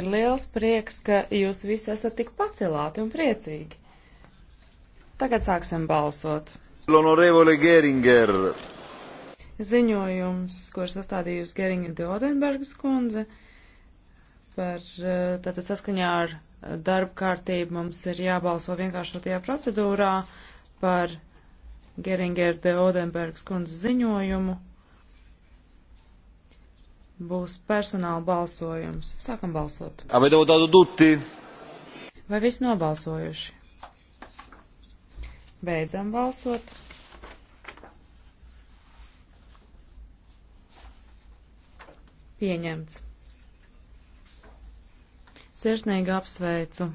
ir liels prieks, ka jūs visi esat tik pacelāti un priecīgi. Tagad sāksim balsot. L'onorevole Geringer. Ziņojums, ko ir sastādījusi Geringa de Odenbergas kundze, par eh, tātad saskaņā ar darba kārtību mums ir jābalso vienkāršotajā procedūrā par Geringer de Odenbergas kundzes ziņojumu Būs personāla balsojums. Sākam balsot. Vai visi nobalsojuši? Beidzam balsot. Pieņemts. Sirsnīgi apsveicu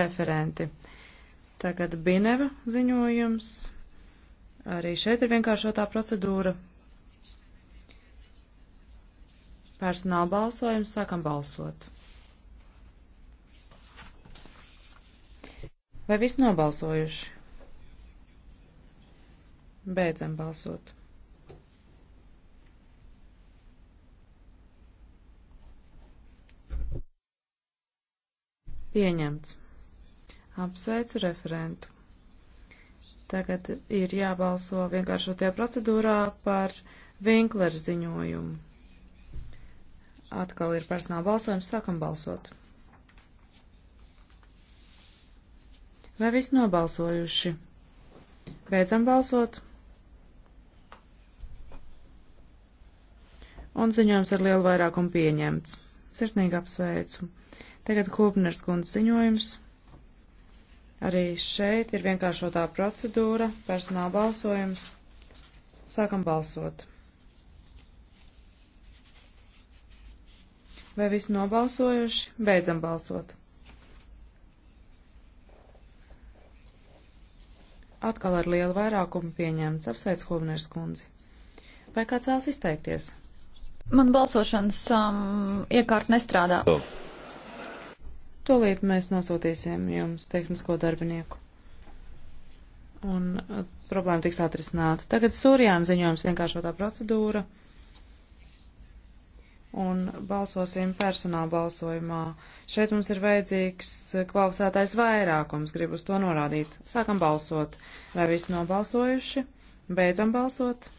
referenti. Tagad Bineva ziņojums. Arī šeit ir vienkāršotā procedūra Personāla balsojums. Sākam balsot. Vai viss nobalsojuši? Beidzam balsot. Pieņemts. Apsveicu referentu. Tagad ir jābalso vienkāršotajā procedūrā par Vinkleru ziņojumu. Atkal ir personāla balsojums, sākam balsot. Vai viss nobalsojuši? Beidzam balsot. Un ziņojums ar lielu vairākumu pieņemts. Sirsnīgi apsveicu. Tagad Hūpners kundze ziņojums. Arī šeit ir vienkāršotā procedūra, personāla balsojums. Sākam balsot. Vai visi nobalsojuši? Beidzam balsot. Atkal ar lielu vairākumu pieņemts. Apsveic Hovners kundzi. Vai kāds vēlas izteikties? Man balsošanas um, iekārt nestrādā. Oh. Tolīt mēs nosūtīsim jums tehnisko darbinieku. Un uh, problēma tiks atrisināta. Tagad Sūrijāna ziņojums vienkāršotā procedūra un balsosim personāla balsojumā. Šeit mums ir vajadzīgs kvalificētais vairākums, gribu uz to norādīt. Sākam balsot. Vai visi nobalsojuši? Beidzam balsot.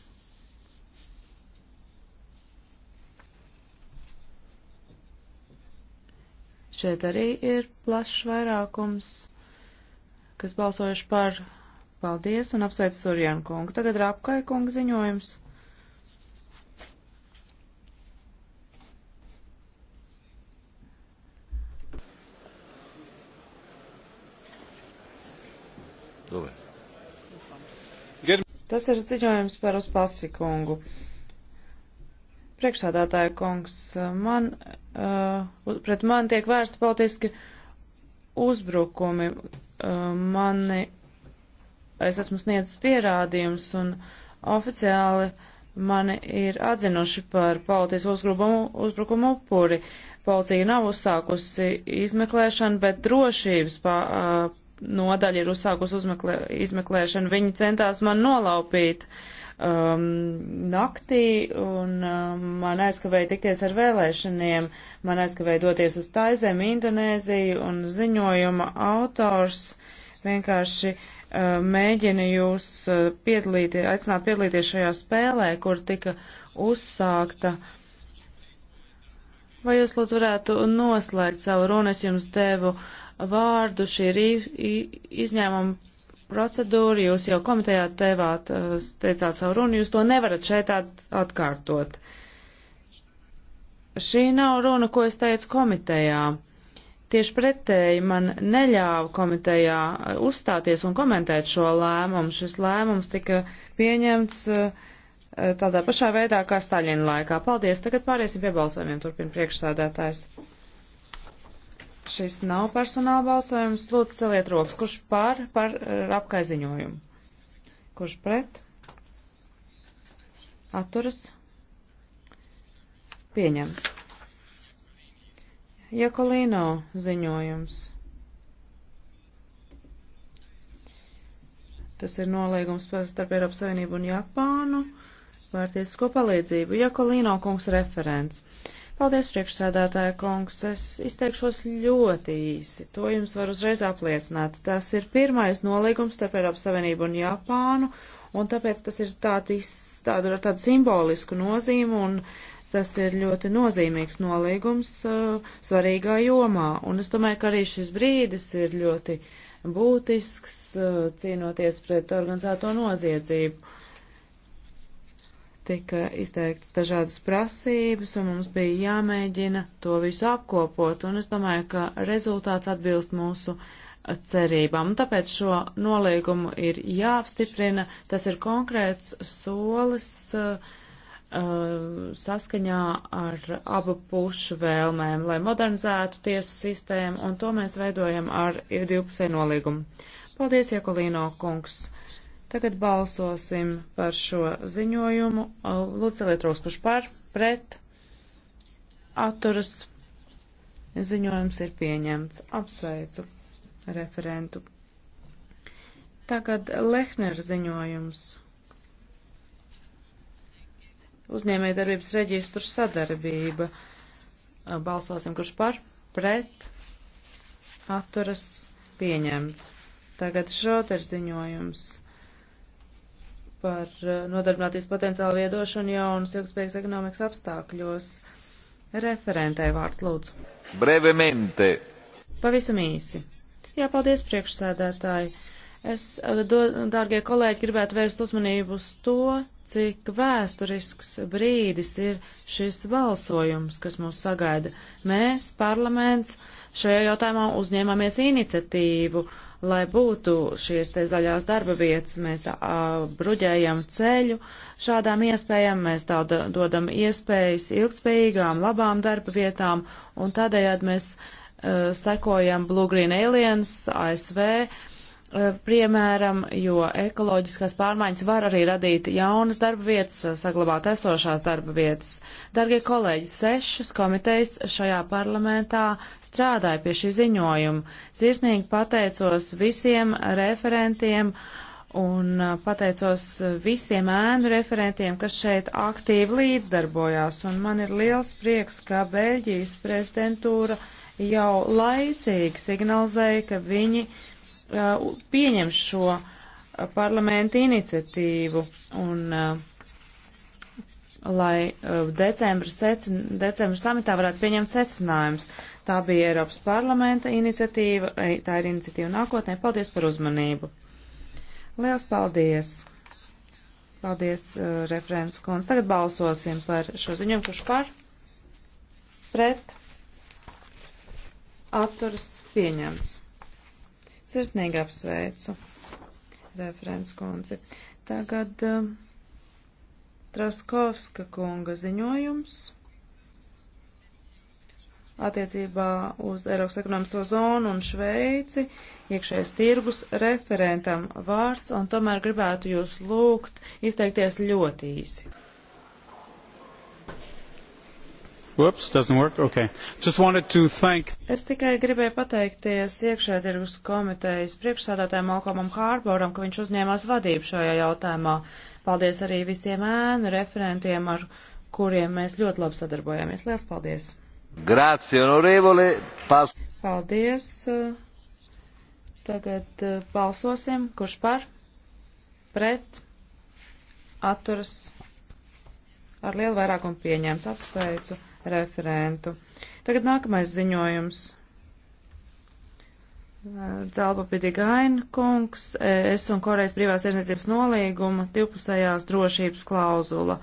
Šeit arī ir plašs vairākums, kas balsojuši par paldies un apsveic Surjanu kungu. Tagad Rāpkai kungu ziņojums. Tas ir ziņojums par Uspasikungu. Priekšsādātāja kungs, man, uh, pret mani tiek vērsti politiski uzbrukumi. Uh, mani, es esmu sniedzis pierādījums un oficiāli mani ir atzinuši par policijas uzgrubumu, uzbrukumu upuri. Policija nav uzsākusi izmeklēšanu, bet drošības pā, uh, nodaļa ir uzsākus uzmeklē, izmeklēšanu. Viņi centās man nolaupīt um, naktī un um, man aizkavēja tikties ar vēlēšaniem, man aizkavēja doties uz Taizēm, Indonēziju un ziņojuma autors vienkārši uh, mēģina jūs uh, piedalīties, aicināt piedalīties šajā spēlē, kur tika uzsākta uh, Vai jūs, lūdzu, varētu noslēgt savu runu? Es jums devu vārdu, šī ir izņēmuma procedūra, jūs jau komitejā tevāt, uh, teicāt savu runu, jūs to nevarat šeit atkārtot. Šī nav runa, ko es teicu komitejā. Tieši pretēji man neļāva komitejā uh, uzstāties un komentēt šo lēmumu. Šis lēmums tika pieņemts uh, tādā pašā veidā kā Staļina laikā. Paldies, tagad pāriesim pie balsojumiem, turpina priekšsādātājs. Šis nav personāla balsojums. Lūdzu, celiet rokas. Kurš pār par eh, apkaiziņojumu? Kurš pret? Atturas? Pieņemts. Jekolīno ziņojums. Tas ir nolīgums starp Eiropas Savienību un Japānu. Vērtiesisko palīdzību. Jekolīno kungs referents. Uh, Paldies, priekšsēdētāja kungs. Es izteikšos ļoti īsi. To jums var uzreiz apliecināt. Tas ir pirmais nolīgums starp Eiropas Savienību un Japānu, un tāpēc tas ir tādis, tādu, tādu simbolisku nozīmu, un tas ir ļoti nozīmīgs nolīgums uh, svarīgā jomā. Un es domāju, ka arī šis brīdis ir ļoti būtisks, uh, cīnoties pret organizēto noziedzību tika izteiktas dažādas prasības, un mums bija jāmēģina to visu apkopot, un es domāju, ka rezultāts atbilst mūsu cerībām. Un tāpēc šo nolīgumu ir jāapstiprina. Tas ir konkrēts solis uh, saskaņā ar abu pušu vēlmēm, lai modernizētu tiesu sistēmu, un to mēs veidojam ar divpusēju nolīgumu. Paldies, Jekolīno kungs! Tagad balsosim par šo ziņojumu. Lūdzu, lietros, kurš par, pret, atturas. Ziņojums ir pieņemts. Apsveicu referentu. Tagad Lehner ziņojums. Uzņēmējdarbības reģistru sadarbība. Balsosim, kurš par, pret, atturas pieņemts. Tagad Šroter ziņojums par eh, nodarbinātības potenciālu viedošanu jaunas ilgspējīgas ekonomikas apstākļos. Referentē vārds lūdzu. Brevemente. Pavisam īsi. Jā, paldies priekšsēdētāji. Es, eh, do, dārgie kolēģi, gribētu vērst uzmanību uz to, cik vēsturisks brīdis ir šis balsojums, kas mūs sagaida. Mēs, parlaments, šajā jautājumā uzņēmāmies iniciatīvu uh, lai būtu šīs te zaļās darba vietas. Mēs a, bruģējam ceļu šādām iespējām, mēs tā dodam iespējas ilgspējīgām, labām darba vietām, un tādējādi mēs a, sekojam Blue Green Aliens, ASV Eh, piemēram, jo ekoloģiskās pārmaiņas var arī radīt jaunas darba vietas, eh, saglabāt esošās darba vietas. Dargie kolēģi, sešas komitejas šajā parlamentā strādāja pie šī ziņojuma. Sirsnīgi pateicos visiem referentiem un eh, pateicos visiem ēnu referentiem, kas šeit aktīvi līdzdarbojās. Un man ir liels prieks, ka Beļģijas prezidentūra jau laicīgi signalizēja, ka viņi uh, Uh, pieņem šo uh, parlamentu iniciatīvu un uh, lai decembra, secin, decembra samitā varētu pieņemt secinājumus. Tā bija Eiropas parlamenta iniciatīva, e, tā ir iniciatīva nākotnē. Paldies par uzmanību. Liels paldies! Paldies, uh, referents kundze. Tagad balsosim par šo ziņojumu, kurš par, pret, atturas pieņemts. Sirsnīgi apsveicu referents kundzi. Tagad um, Traskovska kunga ziņojums attiecībā uz Eiropas ekonomisko zonu un Šveici, iekšējais tirgus referentam vārds, un tomēr gribētu jūs lūgt izteikties ļoti īsi. Whoops, doesn't work? Okay. Just wanted to thank. Es tikai gribēju pateikties iekšētirgus komitejas priekšsādātājiem Malcolmam Hārboram, ka viņš uzņēmās vadību šajā jautājumā. Paldies arī visiem ēnu referentiem, ar kuriem mēs ļoti labi sadarbojāmies. Lielas paldies! Grācija, honorevole, pas. Paldies! Tagad eh, balsosim, kurš par, pret, atturas, ar lielu vairākumu pieņēmts, apsveicu referentu. Tagad nākamais ziņojums. Dzelpapīdīgaina kungs, es un Korejas privās ierzniecības nolīguma divpusējās drošības klauzula.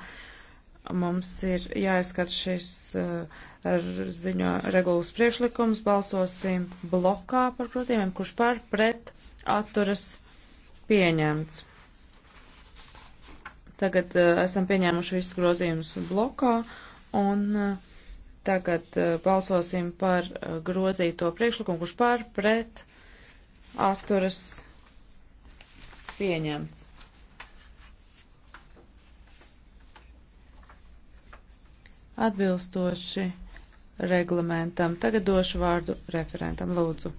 Mums ir jāizskat šis eh, ziņo regulas priekšlikums, balsosim blokā par grozījumiem, kurš par pret atturas pieņemts. Tagad eh, esam pieņēmuši visus grozījumus blokā un uh, Tagad uh, balsosim par uh, grozīto priekšlikumu, kurš pār pret atturas pieņemts. Atbilstoši reglamentam. Tagad došu vārdu referentam, lūdzu.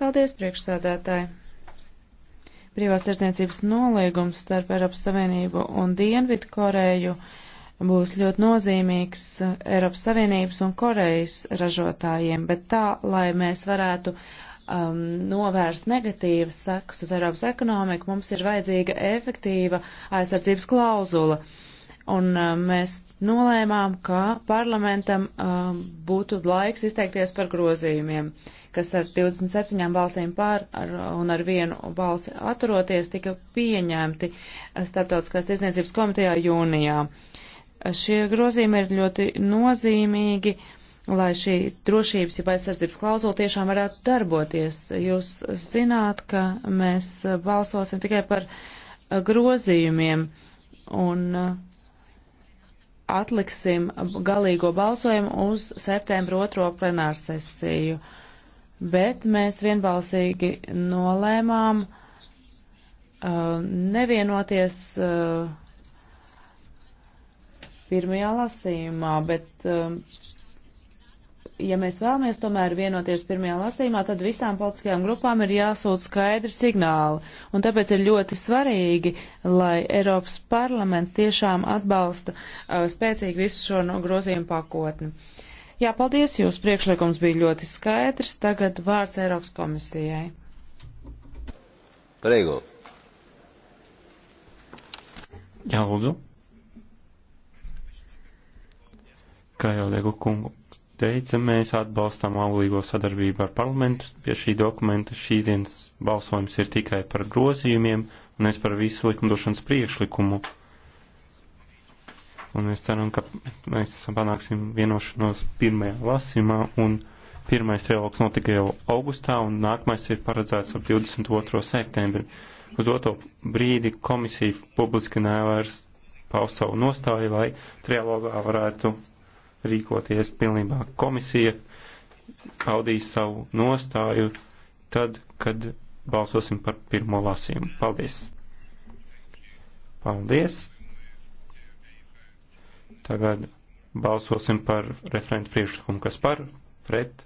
Paldies, priekšsādātāji! Brīvās tirdzniecības nolīgums starp Eiropas Savienību un Dienvidu Koreju būs ļoti nozīmīgs eh, Eiropas Savienības un Korejas ražotājiem, bet tā, lai mēs varētu um, novērst negatīvas sekas uz Eiropas ekonomiku, mums ir vajadzīga efektīva aizsardzības klauzula. Un um, mēs nolēmām, ka parlamentam um, būtu laiks izteikties par grozījumiem, kas ar 27 balsīm pār ar, un ar vienu balsi atturoties tika pieņemti eh, Startautiskās tiesniecības komitejā jūnijā. Uh, Šie grozījumi ir ļoti nozīmīgi, lai šī drošības, ja aizsardzības klauzula tiešām varētu darboties. Jūs zināt, ka mēs balsosim tikai par eh, grozījumiem un eh, atliksim galīgo balsojumu uz septembra otro plenārsesiju. Bet mēs vienbalsīgi nolēmām uh, nevienoties uh, pirmajā lasījumā, bet um, ja mēs vēlamies tomēr vienoties pirmajā lasījumā, tad visām politiskajām grupām ir jāsūt skaidri signāli. Un tāpēc ir ļoti svarīgi, lai Eiropas parlaments tiešām atbalsta uh, spēcīgi visu šo no nu, grozījumu pakotni. Jā, paldies, jūs priekšlikums bija ļoti skaidrs. Tagad vārds Eiropas komisijai. Prego. Jā, lūdzu. kā jau Liegu kungu teica, mēs atbalstām auglīgo sadarbību ar parlamentu. Pie šī dokumenta šīs dienas balsojums ir tikai par grozījumiem, un es par visu likumdošanas priekšlikumu. Un mēs ceram, ka mēs panāksim vienošanos pirmajā lasīmā, un pirmais trialogs notika jau augustā, un nākamais ir paredzēts ap 22. septembri. Uz doto brīdi komisija publiski nevērs paust savu nostāju, lai trialogā varētu rīkoties pilnībā. Komisija paudīs savu nostāju tad, kad balsosim par pirmo lasījumu. Paldies! Paldies! Tagad balsosim par referentu priekšlikumu, kas par, pret,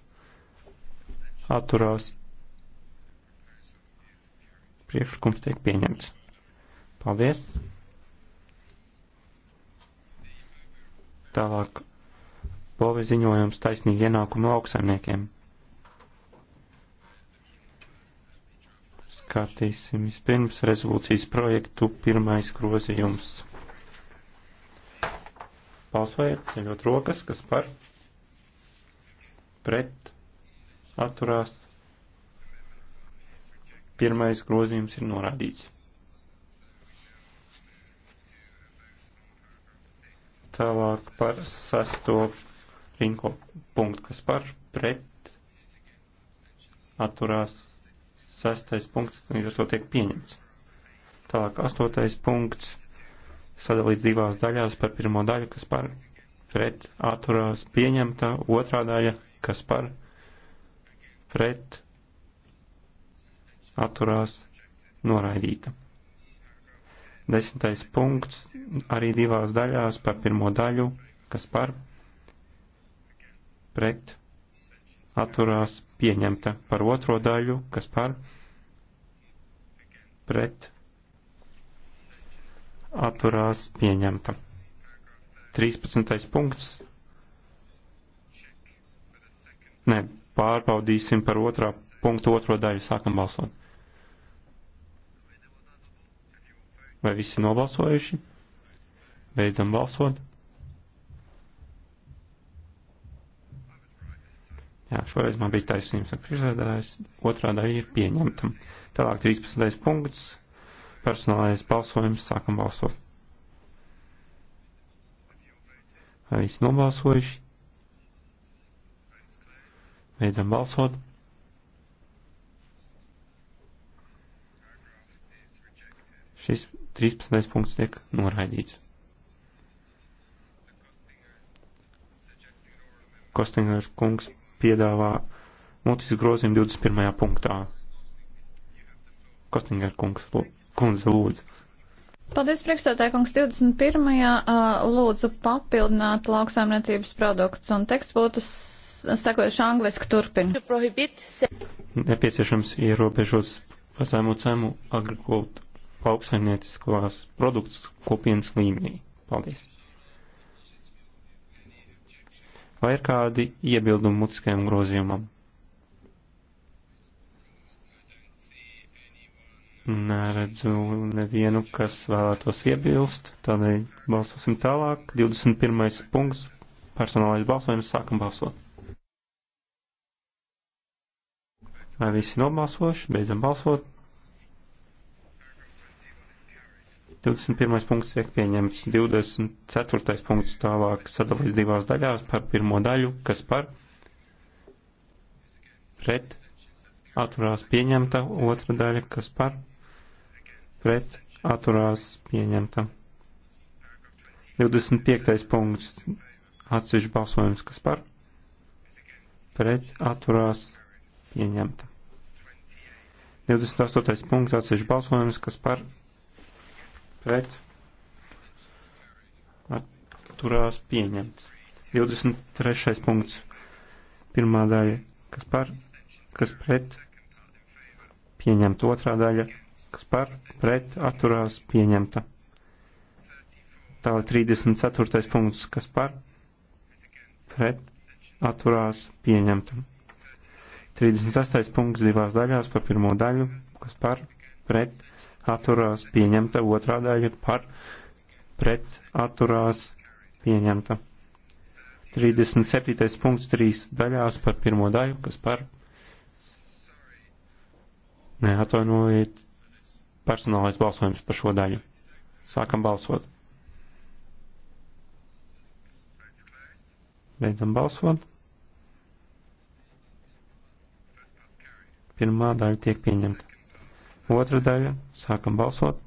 atturās. Priekšlikums tiek pieņemts. Paldies! Tālāk Bove ziņojums taisnīgi ienākumu lauksaimniekiem. Skatīsim vispirms rezolūcijas projektu pirmais grozījums. Balsojiet, ceļot rokas, kas par pret atturās. Pirmais grozījums ir norādīts. Tālāk par sasto Inko punktu, kas par pret atturās sestais punkts, līdz ar to tiek pieņemts. Tālāk astotais punkts sadalīts divās daļās par pirmo daļu, kas par pret atturās pieņemta, otrā daļa, kas par pret atturās noraidīta. Desmitais punkts arī divās daļās par pirmo daļu, kas par pret pret, atturās pieņemta par otro daļu, kas par, pret, atturās pieņemta. 13. punkts. Nē, pārbaudīsim par otrā punktu otro daļu, sākam balsot. Vai visi nobalsojuši? Beidzam balsot. Jā, šoreiz man bija taisnība, saka priekšsēdētājs, otrā daļa ir pieņemta. Tālāk 13. punkts, personālais balsojums, sākam balsot. Vai visi nobalsojuši? Beidzam balsot. Šis 13. punkts tiek noraidīts. Kostingers kungs piedāvā mutisku grozījumu 21. punktā. Kostinger kungs, kundze lūdzu. Paldies, priekšstādāja kungs. 21. lūdzu papildināt lauksaimniecības produkts un teksts būtu sakojuši angliski turpina. Nepieciešams ierobežos pasēmu cēmu agrikultu lauksaimnieciskās produktus kopienas līmenī. Paldies! Vai ir kādi iebildumi mutiskajam grozījumam? Neredzu nevienu, kas vēlētos iebilst, tādēļ balsosim tālāk. 21. punkts - personālais balsojums, sākam balsot. Vai visi nobalsoši, beidzam balsot? 21. punkts tiek pieņemts, 24. punkts tālāk sadalīts divās daļās par pirmo daļu, kas par pret atturās pieņemta, otra daļa, kas par pret atturās pieņemta. 25. punkts atsevišķi balsojums, kas par pret atturās pieņemta. 28. punkts atsevišķi balsojums, kas par pret pret atturās pieņemts. 23. punkts. Pirmā daļa, kas par, kas pret pieņemta. Otrā daļa, kas par, pret atturās pieņemta. Tālāk 34. punkts, kas par, pret atturās pieņemta. 38. punkts divās daļās par pirmo daļu, kas par, pret atturās pieņemta atturās pieņemta, otrā daļa par pret atturās pieņemta. 37. punkts 3 daļās par pirmo daļu, kas par neatvainojiet personālais balsojums par šo daļu. Sākam balsot. Beidzam balsot. Pirmā daļa tiek pieņemta. Otra daļa. Sākam balsot.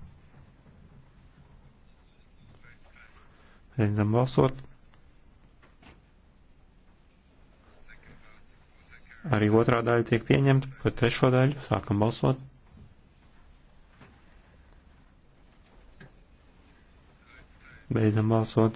Beidzam balsot. Arī otrā daļa tiek pieņemta. Par trešo daļu sākam balsot. Beidzam balsot.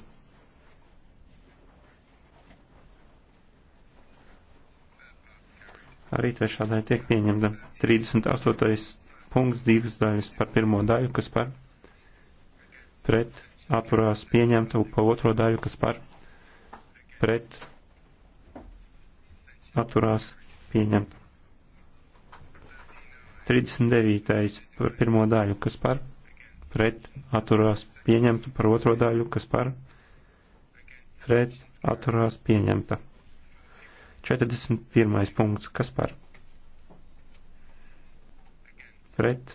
Arī trešā daļa tiek pieņemta. 38 punkts divas daļas par pirmo daļu, kas par pret atturās pieņemta, pa otro daļu, kas par pret atturās pieņemta. 39. par pirmo daļu, kas par pret atturās pieņemta, par otro daļu, kas par pret atturās pieņemta. 41. punkts, kas par pret,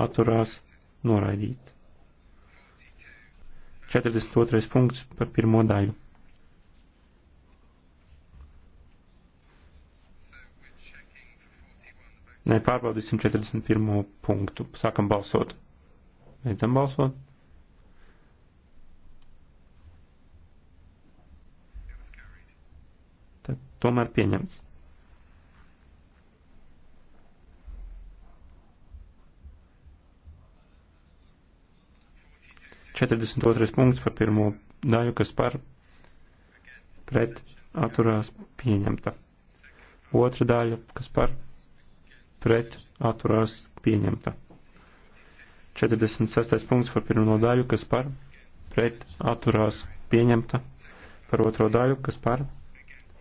atturās, noraidīt. 42. punkts par pirmo daļu. Nē, pārbaudīsim 41. punktu. Sākam balsot. Beidzam balsot. Tad tomēr pieņemts. 42. punkts par pirmo daļu, kas par pret atturās pieņemta. Otra daļa, kas par pret atturās pieņemta. 46. punkts par pirmo daļu, kas par pret atturās pieņemta. Par otro daļu, kas par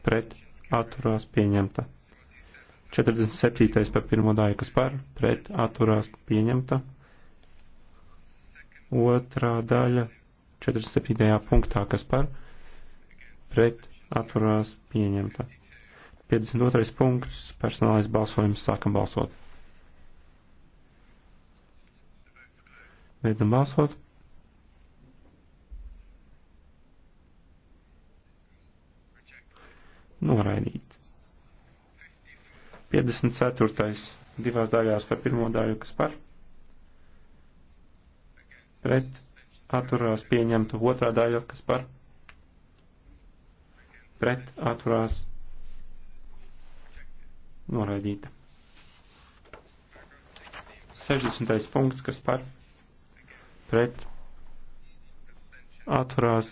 pret atturās pieņemta. 47. par pirmo daļu, kas par pret atturās pieņemta. Otrā daļa 47. punktā, kas par pret atturās pieņemta. 52. punkts, personālais balsojums, sākam balsot. Beidzam balsot. Noraidīt. 54. divās daļās par pirmo daļu, kas par pret atturās pieņemta otrā daļa, kas par pret atturās noraidīta. 60. punkts, kas par pret atturās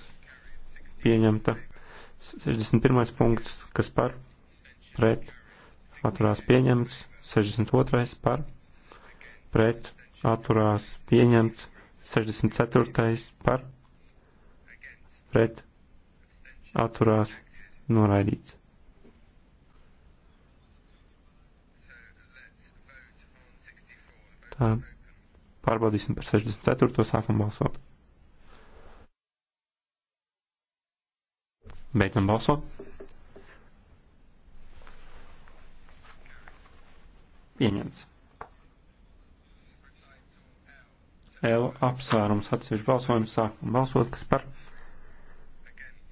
pieņemta. 61. punkts, kas par pret atturās pieņemts. 62. par pret atturās pieņemts. 64. par pret atturās noraidīts. Tā, pārbaudīsim par 64. sākam balsot. Beidzam balsot. Pieņemts. L apsvērums atsevišķi balsojums sākam balsot, kas par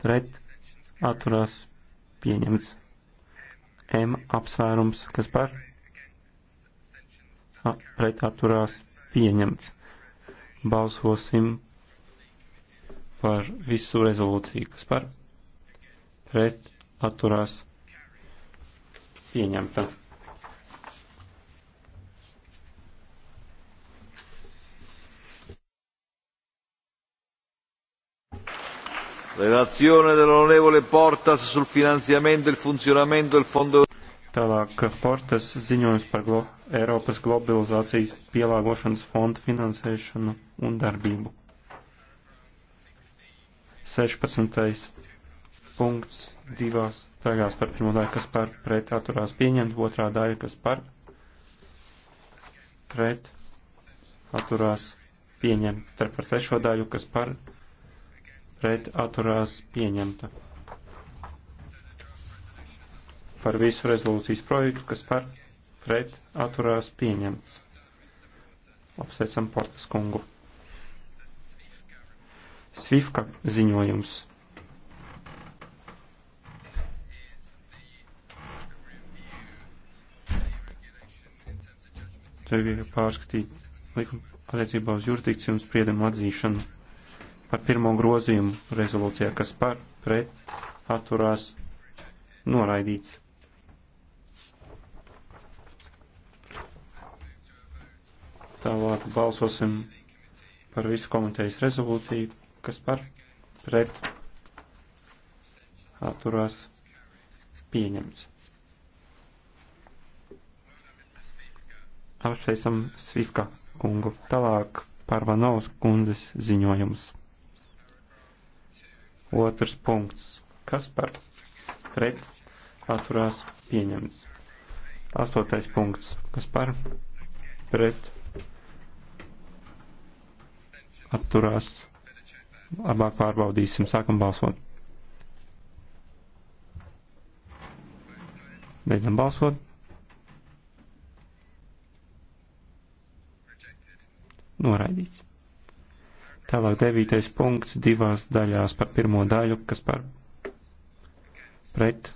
pret atturās pieņemts. M apsvērums, kas par A, pret atturās pieņemts. Balsosim par visu rezolūciju, kas par pret atturās pieņemta. Relazione dell'onorevole Portas sul finanziamento e il funzionamento del fondo. Tālāk Portas ziņojums par glo Eiropas globalizācijas pielāgošanas fonda finansēšanu un darbību. 16. punkts divās daļās par pirmo daļu, kas par pret atturās pieņemt, otrā daļa, kas par pret atturās pieņemt, starp ar trešo daļu, kas par pret pret atturās pieņemta. Par visu rezolūcijas projektu, kas par pret atturās pieņemts. Apsveicam Portas kungu. Svifka ziņojums. Tev ir pārskatīt likuma attiecībā uz jurisdikciju un spriedumu atzīšanu par pirmo grozījumu rezolūcijā, kas par pret atturās noraidīts. Tālāk balsosim par visu komitejas rezolūciju, kas par pret atturās pieņemts. Apsveicam Svifka kungu. Tālāk par Vanovas kundas ziņojums. Otrs punkts. Kas par pret atturās pieņemts? Astotais punkts. Kas par pret atturās? Labāk pārbaudīsim. Sākam balsot. Beidzam balsot. Noraidīts. Tālāk devītais punkts divās daļās par pirmo daļu, kas par pret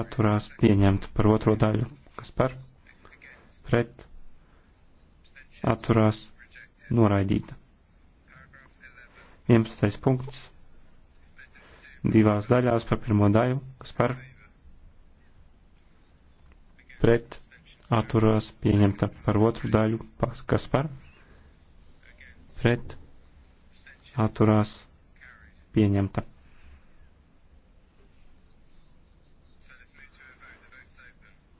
atturās pieņemt par otro daļu, kas par pret atturās noraidīta. 11. punkts divās daļās par pirmo daļu, kas par pret atturās pieņemta par otru daļu, kas par pret atturās pieņemta.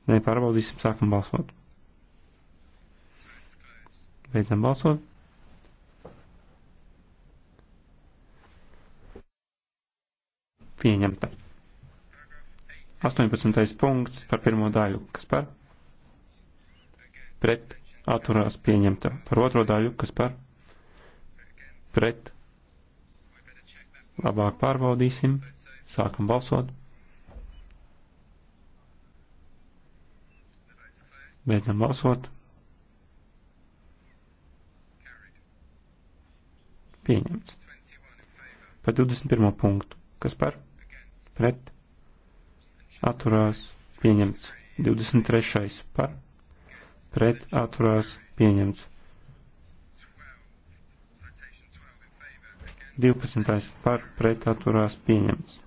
Nē, pārbaudīsim, sākam balsot. Beidzam balsot. Pieņemta. 18. punkts par pirmo daļu. Kas par? Pret. Atturās pieņemta. Par otro daļu. Kas par? Pret Labāk pārbaudīsim. Sākam balsot. Beidzam balsot. Pieņemts. Par 21. punktu. Kas par? Pret. Atturās. Pieņemts. 23. par. Pret. Atturās. Pieņemts. 12. par pret atturās pieņemts.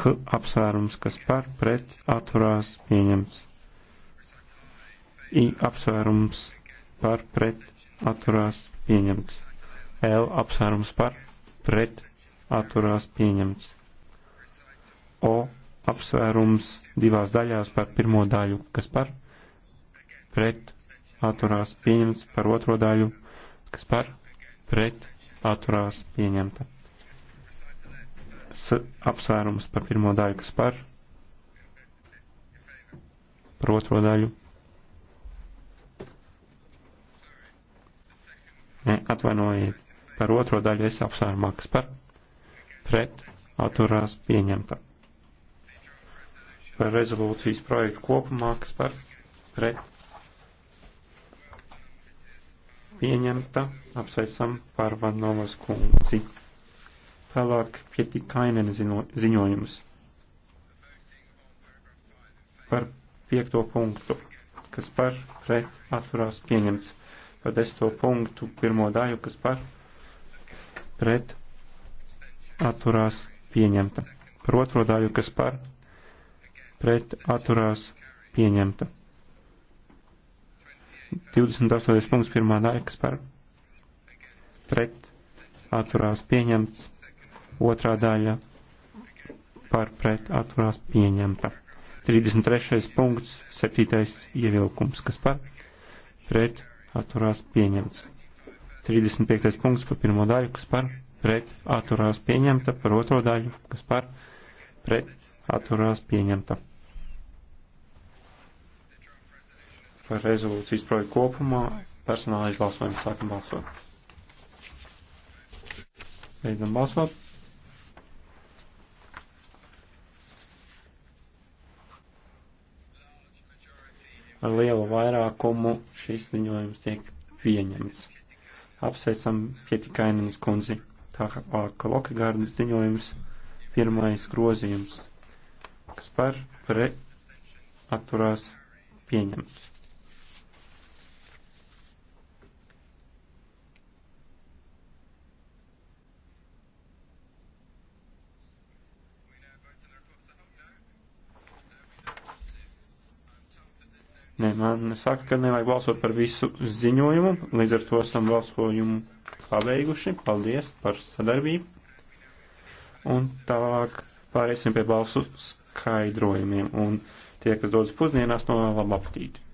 H apsvērums, kas par pret atturās pieņemts. I apsvērums par pret atturās pieņemts. L apsvērums par pret atturās pieņemts. O apsvērums divās daļās par pirmo daļu, kas par pret atturās pieņemts, par otro daļu, kas par pret atturās pieņemta. S apsvērums par pirmo daļu, kas par, par otro daļu. Ne, atvainojiet, par otro daļu es apsvērumā, kas par, pret, atturās pieņemta. Par rezolūcijas projektu kopumā, kas par, pret, pieņemta, apsveicam par Vanovas kundzi. Tālāk Pietikainen ziņojums par piekto punktu, kas par pret atturās pieņemts. Par desmito punktu pirmo daļu, kas par pret atturās pieņemta. Par otro daļu, kas par pret atturās pieņemta 28. punkts, pirmā daļa, kas par pret atturās pieņemts, otrā daļa par pret atturās pieņemta. 33. punkts, 7. ievilkums, kas par pret atturās pieņemts. 35. punkts par pirmo daļu, kas par pret atturās pieņemta, par otro daļu, kas par pret atturās pieņemta. par rezolūcijas projektu kopumā. Personālais balsojums sākam balsot. Beidzam balsot. Ar lielu vairākumu šis ziņojums tiek pieņemts. Apsveicam pietikainas kundzi. Tā kā Lokegārdas ziņojums, pirmais grozījums, kas par pre atturās pieņemts. Nē, man saka, ka nevajag balsot par visu ziņojumu, līdz ar to esam balsojumu pabeiguši. Paldies par sadarbību. Un tālāk pāriesim pie balsu skaidrojumiem. Un tie, kas dodas pusdienās, no labu apetīti.